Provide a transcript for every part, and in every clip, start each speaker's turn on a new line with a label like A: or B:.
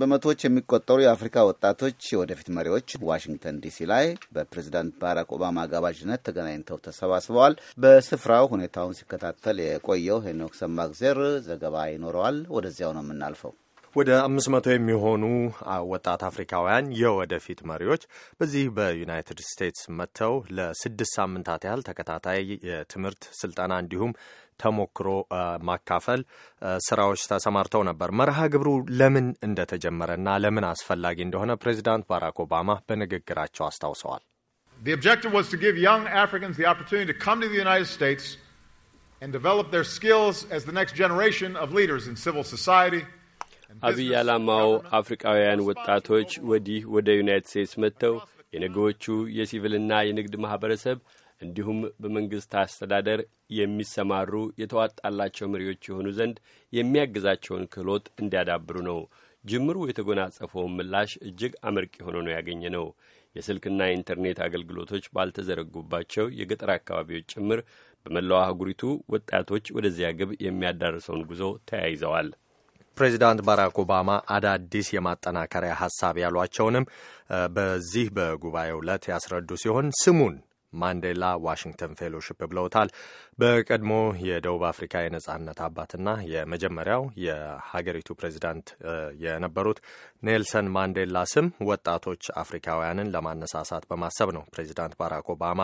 A: በመቶዎች የሚቆጠሩ የአፍሪካ ወጣቶች የወደፊት መሪዎች ዋሽንግተን ዲሲ ላይ በፕሬዚዳንት ባራክ ኦባማ አጋባዥነት ተገናኝተው ተሰባስበዋል። በስፍራው ሁኔታውን ሲከታተል የቆየው ሄኖክ ሰማግዜር ዘገባ ይኖረዋል። ወደዚያው ነው የምናልፈው።
B: ወደ አምስት መቶ የሚሆኑ ወጣት አፍሪካውያን የወደፊት መሪዎች በዚህ በዩናይትድ ስቴትስ መጥተው ለስድስት ሳምንታት ያህል ተከታታይ የትምህርት ስልጠና እንዲሁም ተሞክሮ ማካፈል ስራዎች ተሰማርተው ነበር። መርሃ ግብሩ ለምን እንደተጀመረ እንደተጀመረና ለምን አስፈላጊ እንደሆነ ፕሬዚዳንት ባራክ ኦባማ በንግግራቸው አስታውሰዋል።
A: The objective was to give young Africans the opportunity to come to the United States and develop their skills as the next generation of leaders in civil society. አብይ ዓላማው አፍሪቃውያን ወጣቶች ወዲህ ወደ ዩናይትድ ስቴትስ መጥተው የነገዎቹ የሲቪልና የንግድ ማኅበረሰብ እንዲሁም በመንግሥት አስተዳደር የሚሰማሩ የተዋጣላቸው መሪዎች የሆኑ ዘንድ የሚያግዛቸውን ክህሎት እንዲያዳብሩ ነው። ጅምሩ የተጎናጸፈውን ምላሽ እጅግ አመርቂ ሆኖ ነው ያገኘ ነው። የስልክና የኢንተርኔት አገልግሎቶች ባልተዘረጉባቸው የገጠር አካባቢዎች ጭምር በመላዋ አህጉሪቱ ወጣቶች
B: ወደዚያ ግብ የሚያዳርሰውን ጉዞ ተያይዘዋል። ፕሬዚዳንት ባራክ ኦባማ አዳዲስ የማጠናከሪያ ሀሳብ ያሏቸውንም በዚህ በጉባኤው ዕለት ያስረዱ ሲሆን ስሙን ማንዴላ ዋሽንግተን ፌሎሺፕ ብለውታል። በቀድሞ የደቡብ አፍሪካ የነጻነት አባትና የመጀመሪያው የሀገሪቱ ፕሬዚዳንት የነበሩት ኔልሰን ማንዴላ ስም ወጣቶች አፍሪካውያንን ለማነሳሳት በማሰብ ነው ፕሬዚዳንት ባራክ ኦባማ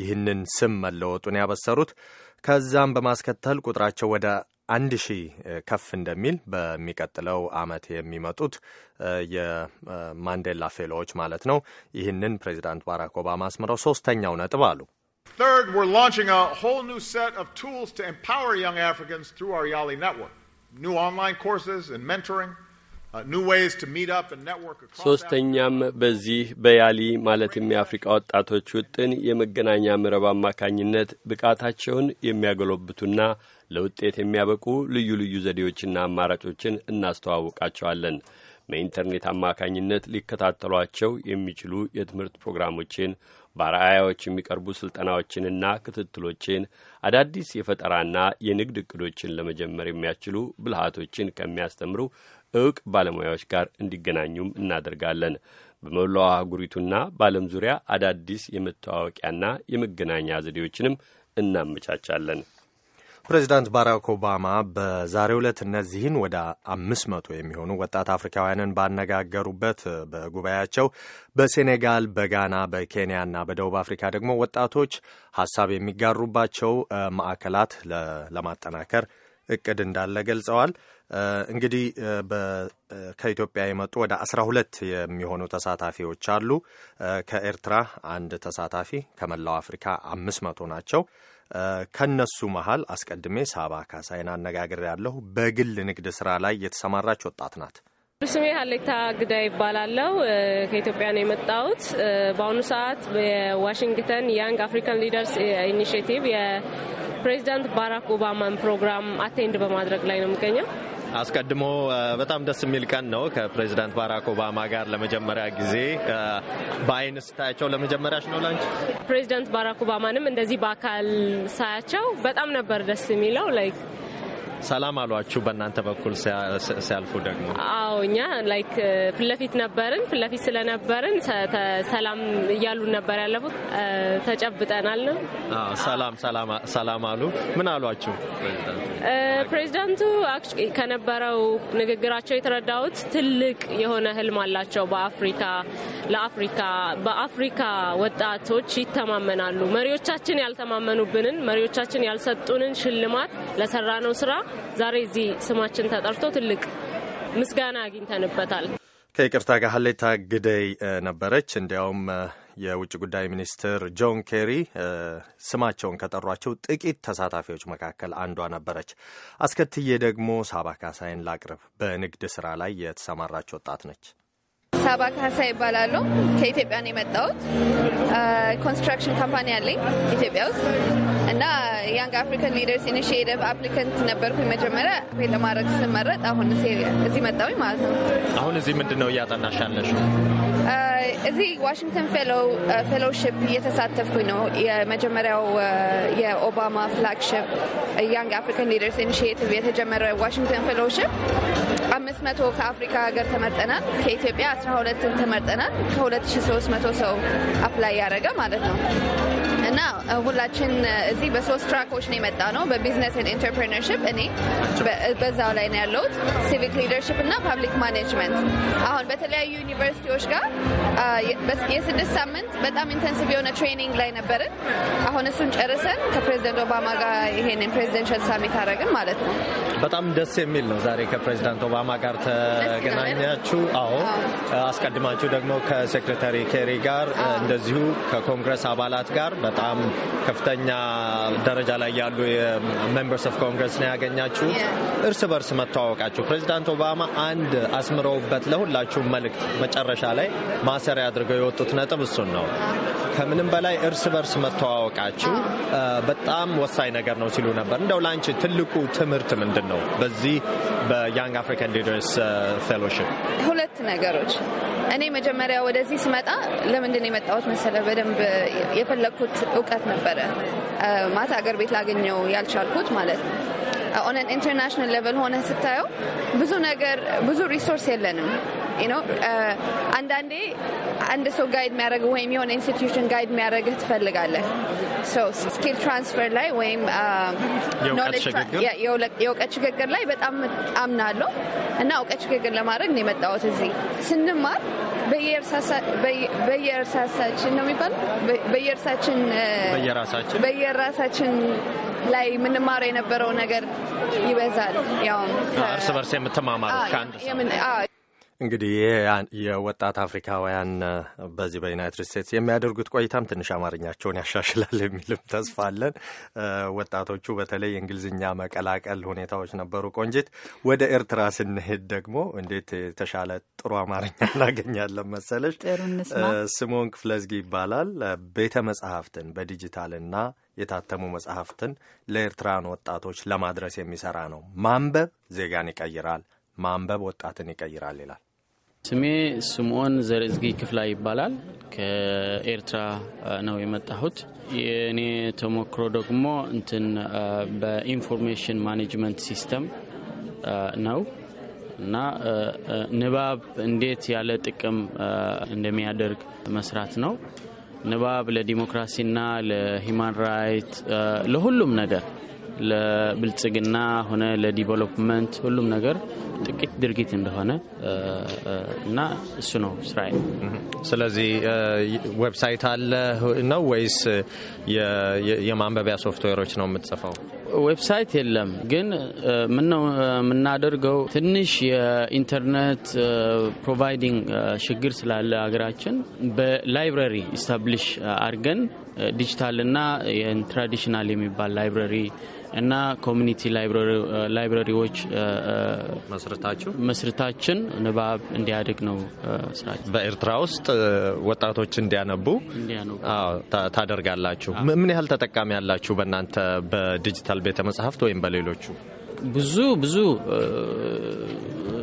B: ይህንን ስም መለወጡን ያበሰሩት። ከዛም በማስከተል ቁጥራቸው ወደ አንድ ሺህ ከፍ እንደሚል በሚቀጥለው ዓመት የሚመጡት የማንዴላ ፌሎዎች ማለት ነው። ይህንን ፕሬዚዳንት ባራክ ኦባማ አስምረው ሶስተኛው ነጥብ አሉ።
A: ሶስተኛም በዚህ በያሊ ማለትም የአፍሪቃ ወጣቶች ውጥን የመገናኛ መረብ አማካኝነት ብቃታቸውን የሚያጎለብቱና ለውጤት የሚያበቁ ልዩ ልዩ ዘዴዎችና አማራጮችን እናስተዋውቃቸዋለን። በኢንተርኔት አማካኝነት ሊከታተሏቸው የሚችሉ የትምህርት ፕሮግራሞችን፣ በአርአያዎች የሚቀርቡ ስልጠናዎችንና ክትትሎችን፣ አዳዲስ የፈጠራና የንግድ እቅዶችን ለመጀመር የሚያስችሉ ብልሃቶችን ከሚያስተምሩ እውቅ ባለሙያዎች ጋር እንዲገናኙም እናደርጋለን። በመላዋ አህጉሪቱና በዓለም ዙሪያ አዳዲስ የመተዋወቂያና የመገናኛ ዘዴዎችንም እናመቻቻለን።
B: ፕሬዚዳንት ባራክ ኦባማ በዛሬው ዕለት እነዚህን ወደ አምስት መቶ የሚሆኑ ወጣት አፍሪካውያንን ባነጋገሩበት በጉባኤያቸው በሴኔጋል፣ በጋና፣ በኬንያ እና በደቡብ አፍሪካ ደግሞ ወጣቶች ሀሳብ የሚጋሩባቸው ማዕከላት ለማጠናከር እቅድ እንዳለ ገልጸዋል። እንግዲህ ከኢትዮጵያ የመጡ ወደ አስራ ሁለት የሚሆኑ ተሳታፊዎች አሉ። ከኤርትራ አንድ ተሳታፊ፣ ከመላው አፍሪካ አምስት መቶ ናቸው። ከነሱ መሀል አስቀድሜ ሳባ ካሳይን ያለሁ በግል ንግድ ስራ ላይ የተሰማራች ወጣት ናት።
C: ስሜ ሀሌታ ግዳ ይባላለው። ከኢትዮጵያ ነው የመጣሁት። በአሁኑ ሰዓት በዋሽንግተን ያንግ አፍሪካን ሊደርስ ኢኒሽቲቭ የፕሬዚዳንት ባራክ ኦባማን ፕሮግራም አቴንድ በማድረግ ላይ ነው የሚገኘው።
B: አስቀድሞ በጣም ደስ የሚል ቀን ነው። ከፕሬዚዳንት ባራክ ኦባማ ጋር ለመጀመሪያ ጊዜ በአይን ስታያቸው ለመጀመሪያች ነው ላንች።
C: ፕሬዚዳንት ባራክ ኦባማንም እንደዚህ በአካል ሳያቸው በጣም ነበር ደስ የሚለው ላይክ
B: ሰላም አሏችሁ? በእናንተ በኩል ሲያልፉ ደግሞ?
C: አዎ እኛ ላይክ ፊት ለፊት ነበርን። ፊት ለፊት ስለነበርን ሰላም እያሉን ነበር ያለፉት። ተጨብጠናል ነው
B: ሰላም ሰላም አሉ። ምን አሏችሁ?
C: ፕሬዚዳንቱ ከነበረው ንግግራቸው የተረዳሁት ትልቅ የሆነ ህልም አላቸው በአፍሪካ ለአፍሪካ በአፍሪካ ወጣቶች ይተማመናሉ። መሪዎቻችን ያልተማመኑብንን መሪዎቻችን ያልሰጡንን ሽልማት ለሰራነው ስራ ዛሬ እዚህ ስማችን ተጠርቶ ትልቅ ምስጋና አግኝተንበታል።
B: ከይቅርታ ጋር ሀሌታ ግደይ ነበረች። እንዲያውም የውጭ ጉዳይ ሚኒስትር ጆን ኬሪ ስማቸውን ከጠሯቸው ጥቂት ተሳታፊዎች መካከል አንዷ ነበረች። አስከትዬ ደግሞ ሳባ ካሳይን ላቅርብ። በንግድ ስራ ላይ የተሰማራች ወጣት ነች።
D: ሳባ ካሳ ይባላሉ። ከኢትዮጵያ ነው የመጣሁት። ኮንስትራክሽን ካምፓኒ አለኝ ኢትዮጵያ ውስጥ እና ያንግ አፍሪካን ሊደርስ ኢኒሽቲቭ አፕሊካንት ነበርኩኝ መጀመሪያ ቤት ለማድረግ ስመረጥ፣ አሁን እዚህ መጣሁኝ ማለት ነው።
B: አሁን እዚህ ምንድን ነው እያጠናሽ ያለሽ?
D: እዚህ ዋሽንግተን ፌሎውሽፕ እየተሳተፍኩኝ ነው። የመጀመሪያው የኦባማ ፍላግሽፕ ያንግ አፍሪካን ሊደርስ ኢኒሽቲቭ የተጀመረ ዋሽንግተን ፌሎውሽፕ አምስት መቶ ከአፍሪካ ሀገር ተመርጠናል። ከኢትዮጵያ አስራ ሁለትን ተመርጠናል። ከሁለት ሺ ሶስት መቶ ሰው አፕላይ ያደረገ ማለት ነው እና ሁላችን እዚህ በሶስት ትራኮች ነው የመጣ ነው። በቢዝነስ ኢንተርፕርነርሽፕ እኔ በዛው ላይ ነው ያለሁት፣ ሲቪክ ሊደርሽፕ እና ፓብሊክ ማኔጅመንት። አሁን በተለያዩ ዩኒቨርሲቲዎች ጋር የስድስት ሳምንት በጣም ኢንተንሲቭ የሆነ ትሬኒንግ ላይ ነበርን። አሁን እሱን ጨርሰን ከፕሬዚደንት ኦባማ ጋር ይሄንን ፕሬዚደንሻል ሳሚት አደረግን ማለት ነው።
B: በጣም ደስ የሚል ነው ዛሬ ከፕሬዚዳንት ኦባማ ፓርላማ ጋር ተገናኛችሁ? አዎ፣ አስቀድማችሁ ደግሞ ከሴክሬታሪ ኬሪ ጋር እንደዚሁ ከኮንግረስ አባላት ጋር በጣም ከፍተኛ ደረጃ ላይ ያሉ ሜምበርስ ኦፍ ኮንግረስ ነው ያገኛችሁ። እርስ በርስ መተዋወቃችሁ ፕሬዚዳንት ኦባማ አንድ አስምረውበት ለሁላችሁም መልእክት መጨረሻ ላይ ማሰሪያ አድርገው የወጡት ነጥብ እሱን ነው ከምንም በላይ እርስ በርስ መተዋወቃችሁ በጣም ወሳኝ ነገር ነው ሲሉ ነበር። እንደው ለአንቺ ትልቁ ትምህርት ምንድን ነው በዚህ በያንግ አፍሪካን ሊደርስ ፌሎሺፕ?
D: ሁለት ነገሮች። እኔ መጀመሪያ ወደዚህ ስመጣ ለምንድን የመጣሁት መሰለ በደንብ የፈለግኩት እውቀት ነበረ። ማታ አገር ቤት ላገኘው ያልቻልኩት ማለት ነው ኦነን ኢንተርናሽናል ሌቨል ሆነ ስታየው ብዙ ነገር ብዙ ሪሶርስ የለንም። uh, አንዳንዴ አንድ ሰው ጋይድ የሚያደርግህ ወይም የሆነ ኢንስቲትዩሽን ጋይድ የሚያደርግህ ትፈልጋለህ። ስኪል ትራንስፈር ላይ ወይም uh, የእውቀት ሽግግር ላይ በጣም አምናለሁ እና እውቀት ሽግግር ለማድረግ ነው የመጣሁት እዚህ ስንማር በየእርሳሳችን ነው የሚባለው በየእርሳችን በየራሳችን ላይ የምንማረው የነበረው ነገር ይበዛል። ያውም እርስ
B: በርስ የምትማማሩ ከአንድ እንግዲህ የወጣት አፍሪካውያን በዚህ በዩናይትድ ስቴትስ የሚያደርጉት ቆይታም ትንሽ አማርኛቸውን ያሻሽላል የሚልም ተስፋ አለን። ወጣቶቹ በተለይ የእንግሊዝኛ መቀላቀል ሁኔታዎች ነበሩ። ቆንጂት፣ ወደ ኤርትራ ስንሄድ ደግሞ እንዴት የተሻለ ጥሩ አማርኛ እናገኛለን መሰለች። ስሞን ክፍለዝጊ ይባላል። ቤተ መጽሐፍትን በዲጂታልና የታተሙ መጽሐፍትን ለኤርትራን ወጣቶች ለማድረስ የሚሰራ ነው። ማንበብ ዜጋን ይቀይራል ማንበብ ወጣትን ይቀይራል ይላል። ስሜ ስምዖን ዘርዝጊ ክፍላ ይባላል። ከኤርትራ
E: ነው የመጣሁት። የእኔ ተሞክሮ ደግሞ እንትን በኢንፎርሜሽን ማኔጅመንት ሲስተም ነው እና ንባብ እንዴት ያለ ጥቅም እንደሚያደርግ መስራት ነው። ንባብ ለዲሞክራሲና ለሂማን ራይት ለሁሉም ነገር ለብልጽግና ሆነ ለዲቨሎፕመንት ሁሉም ነገር ጥቂት ድርጊት እንደሆነ
B: እና እሱ ነው ስራ። ስለዚህ ዌብሳይት አለ ነው ወይስ የማንበቢያ ሶፍትዌሮች ነው የምትጽፈው?
E: ዌብሳይት የለም፣ ግን ምነው የምናደርገው ትንሽ የኢንተርኔት ፕሮቫይዲንግ ችግር ስላለ ሀገራችን በላይብረሪ ኢስታብሊሽ አድርገን ዲጂታልና ትራዲሽናል የሚባል ላይብረሪ እና ኮሚኒቲ ላይብረሪዎች መስርታችሁ መስርታችን ንባብ
B: እንዲያድግ ነው ስራችን። በኤርትራ ውስጥ ወጣቶች እንዲያነቡ ታደርጋላችሁ። ምን ያህል ተጠቃሚ ያላችሁ በእናንተ በዲጂታል ቤተ መጽሐፍት ወይም በሌሎቹ?
E: ብዙ ብዙ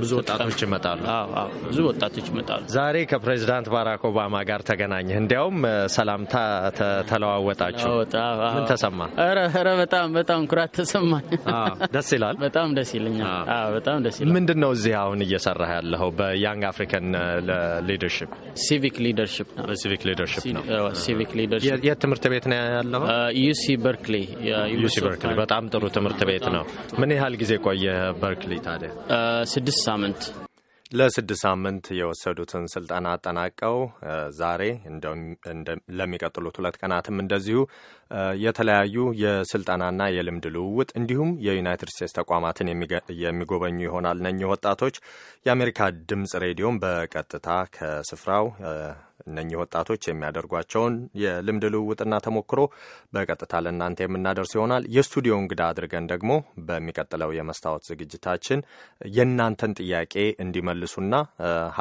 E: ብዙ ወጣቶች
B: ይመጣሉ። ብዙ
E: ወጣቶች ይመጣሉ።
B: ዛሬ ከፕሬዚዳንት ባራክ ኦባማ ጋር ተገናኘ እንዲያውም ሰላምታ ተለዋወጣችሁ። ምን ተሰማ?
E: ኧረ በጣም በጣም ኩራት ተሰማኝ።
B: ደስ ይላል። በጣም ደስ ይለኛል። በጣም ደስ ይላል። ምንድን ነው እዚህ አሁን እየሰራህ ያለኸው? በያንግ አፍሪካን ሊደርሽፕ ሲቪክ ሊደርሽፕ ነው። ሲቪክ ሊደርሽፕ ነው። ሲቪክ ሊደርሽፕ የት ትምህርት ቤት ነው ያለው? ዩሲ በርክሊ። ዩሲ በርክሊ በጣም ጥሩ ትምህርት ቤት ነው። ምን ያህል ጊዜ ቆየ በርክሊ ታዲያ? ስድስት ሳምንት ለስድስት ሳምንት የወሰዱትን ስልጠና አጠናቀው ዛሬ ለሚቀጥሉት ሁለት ቀናትም እንደዚሁ የተለያዩ የስልጠናና የልምድ ልውውጥ እንዲሁም የዩናይትድ ስቴትስ ተቋማትን የሚጎበኙ ይሆናል። እነኚህ ወጣቶች የአሜሪካ ድምጽ ሬዲዮን በቀጥታ ከስፍራው እነኚህ ወጣቶች የሚያደርጓቸውን የልምድ ልውውጥና ተሞክሮ በቀጥታ ለእናንተ የምናደርስ ይሆናል። የስቱዲዮ እንግዳ አድርገን ደግሞ በሚቀጥለው የመስታወት ዝግጅታችን የእናንተን ጥያቄ እንዲመልሱና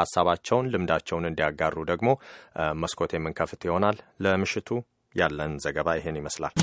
B: ሀሳባቸውን፣ ልምዳቸውን እንዲያጋሩ ደግሞ መስኮት የምንከፍት ይሆናል። ለምሽቱ ያለን ዘገባ ይሄን ይመስላል።